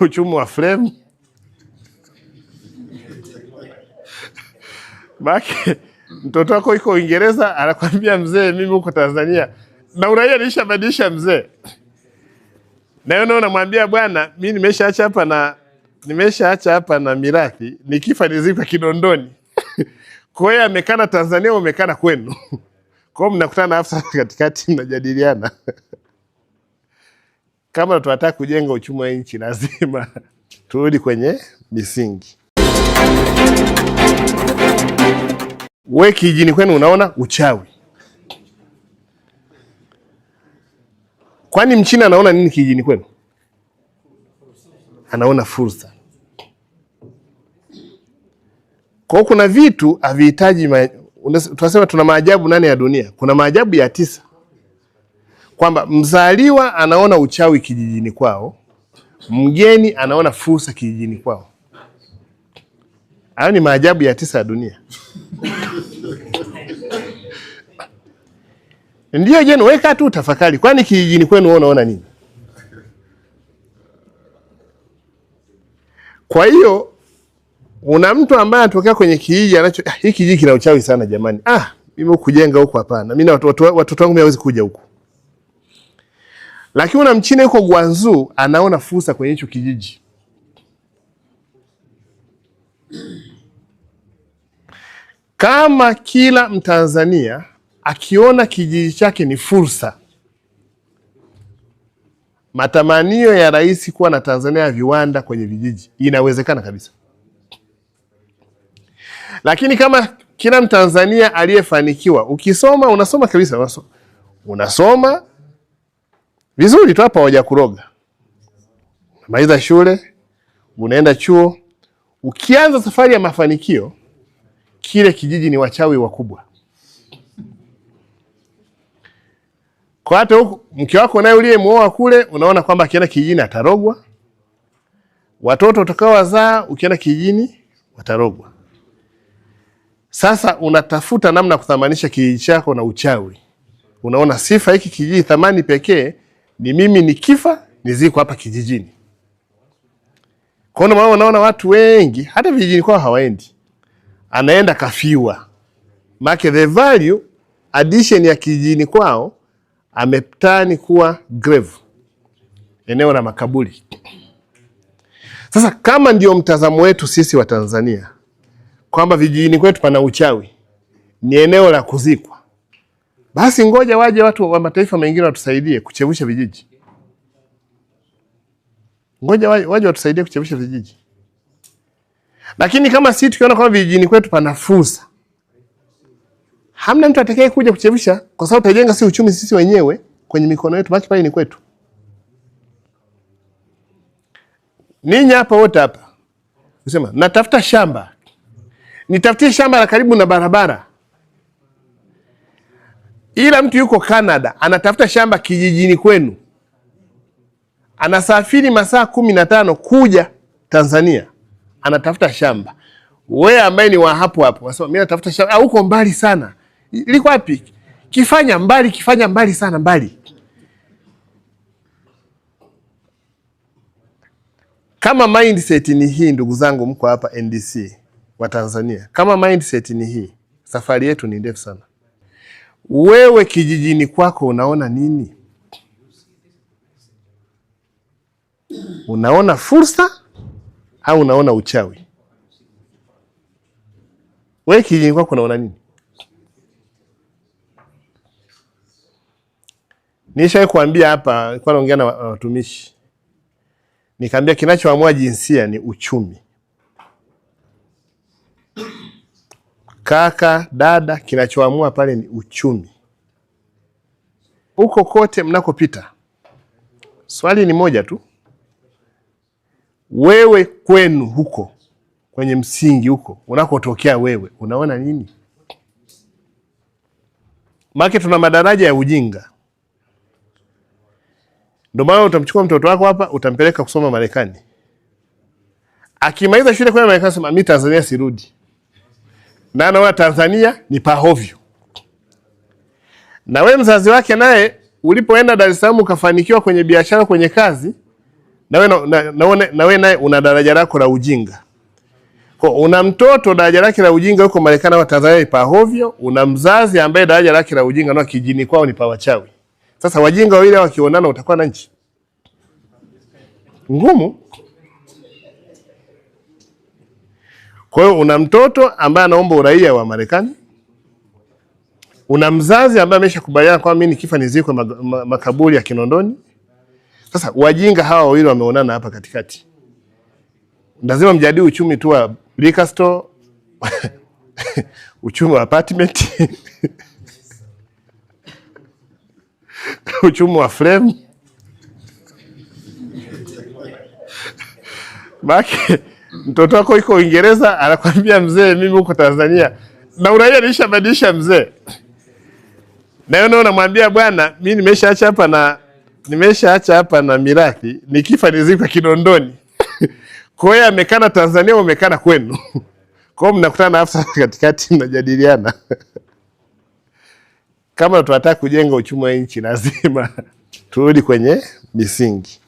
uchumi wa fremu baki mtoto wako yuko Uingereza anakwambia mzee, mimi huko Tanzania na uraia nishabadilisha mzee, na yeye unamwambia bwana, mimi nimeshaacha hapa na nimeshaacha hapa na mirathi, nikifa nizikwe Kinondoni. Kwa hiyo amekana Tanzania, umekana kwenu. Kwa hiyo mnakutana hapa katikati, mnajadiliana kama tunataka kujenga uchumi wa nchi, lazima turudi kwenye misingi. We kijijini kwenu unaona uchawi, kwani mchina anaona nini kijijini kwenu? Anaona fursa. Kwa hiyo kuna vitu havihitaji, tunasema tuna maajabu nane ya dunia, kuna maajabu ya tisa kwamba mzaliwa anaona uchawi kijijini kwao, mgeni anaona fursa kijijini kwao. Hayo ni maajabu ya tisa ya dunia. Ndio jeni, weka tu tafakari, kwani kijijini kwenu unaona nini? Kwa hiyo una mtu ambaye anatokea kwenye kijiji anacho, ah, hii kijiji kina uchawi sana jamani, ah, mimi hukujenga huku hapana, mimi na watoto wangu hawezi kuja huku lakini una mchina yuko Guanzu anaona fursa kwenye hicho kijiji. Kama kila Mtanzania akiona kijiji chake ni fursa, matamanio ya rais kuwa na Tanzania ya viwanda kwenye vijiji inawezekana kabisa. Lakini kama kila Mtanzania aliyefanikiwa, ukisoma unasoma kabisa, unasoma, unasoma Vizuri tu hapa hawajakuroga. Maliza shule, unaenda chuo, ukianza safari ya mafanikio, kile kijiji ni wachawi wakubwa. Kwa hata huku mke wako naye uliyemuoa kule, unaona kwamba akienda kijijini atarogwa. Watoto utakaowazaa ukienda kijijini watarogwa. Sasa unatafuta namna kuthamanisha kijiji chako na uchawi. Unaona sifa hiki kijiji thamani pekee ni mimi nikifa niziko hapa kijijini. Kwa hiyo maana unaona watu wengi hata vijijini kwao hawaendi, anaenda kafiwa. Make the value addition ya kijijini kwao ametani kuwa grave, eneo la makaburi. Sasa kama ndio mtazamo wetu sisi wa Tanzania kwamba vijijini kwetu pana uchawi, ni eneo la kuzikwa basi ngoja waje watu wa mataifa mengine watusaidie kuchevusha vijiji, ngoja waje watusaidie kuchevusha vijiji. Lakini kama sisi tukiona kwamba vijijini kwetu pana fursa, hamna mtu atakaye kuja kuchevusha, kwa sababu tutajenga si uchumi sisi wenyewe kwenye mikono yetu, machi pale ni kwetu. Ninyi hapa wote hapa, usema natafuta shamba, nitafutie shamba la karibu na barabara ila mtu yuko Canada anatafuta shamba kijijini kwenu, anasafiri masaa kumi na tano kuja Tanzania, anatafuta shamba. we ambaye ni wa hapo hapo unasema mimi natafuta shamba, au uko mbali sana, liko wapi? Kifanya mbali, kifanya mbali sana, mbali Kama mindset ni hii, ndugu zangu, mko hapa NDC wa Tanzania, kama mindset ni hii, safari yetu ni ndefu sana. Wewe kijijini kwako unaona nini? Unaona fursa au unaona uchawi? Wewe kijijini kwako unaona nini? Nishawahi kuambia hapa, nilikuwa naongea na watumishi, nikaambia kinachoamua jinsia ni uchumi. kaka, dada, kinachoamua pale ni uchumi. Huko kote mnakopita, swali ni moja tu, wewe kwenu huko kwenye msingi huko unakotokea wewe unaona nini? Maana tuna madaraja ya ujinga. Ndio maana utamchukua mtoto wako hapa, utampeleka kusoma Marekani, akimaliza shule kwenda Marekani sema mi Tanzania sirudi na anaona Tanzania ni pahovyo. Na wewe mzazi wake naye ulipoenda Dar es Salaam ukafanikiwa kwenye biashara, kwenye kazi, na wewe na, na wewe naye una daraja lako la ujinga. Kwa una mtoto daraja lake la ujinga huko Marekani au Tanzania ni pahovyo, una mzazi ambaye daraja lake la ujinga na kijini kwao ni pawachawi. Sasa wajinga wawili wakionana utakuwa na nchi ngumu. Kwa hiyo una mtoto ambaye anaomba uraia wa Marekani, una mzazi ambaye ameshakubaliana kwamba mimi nikifa nizikwe makaburi ya Kinondoni. Sasa wajinga hawa wawili wameonana hapa katikati, lazima mjadili uchumi tu wa liquor store uchumi wa apartment uchumi wa frame mtoto wako iko Uingereza anakwambia mzee, mimi huko Tanzania, na uraia nilishabadilisha mzee, na yeye unamwambia bwana, mimi nimeshaacha hapa na nimeshaacha hapa na mirathi, nikifa nizikwa Kinondoni. Kwa hiyo amekana Tanzania, umekana kwenu. Kwa hiyo mnakutana hapa katikati, mnajadiliana kama tunataka kujenga uchumi wa nchi, lazima turudi kwenye misingi.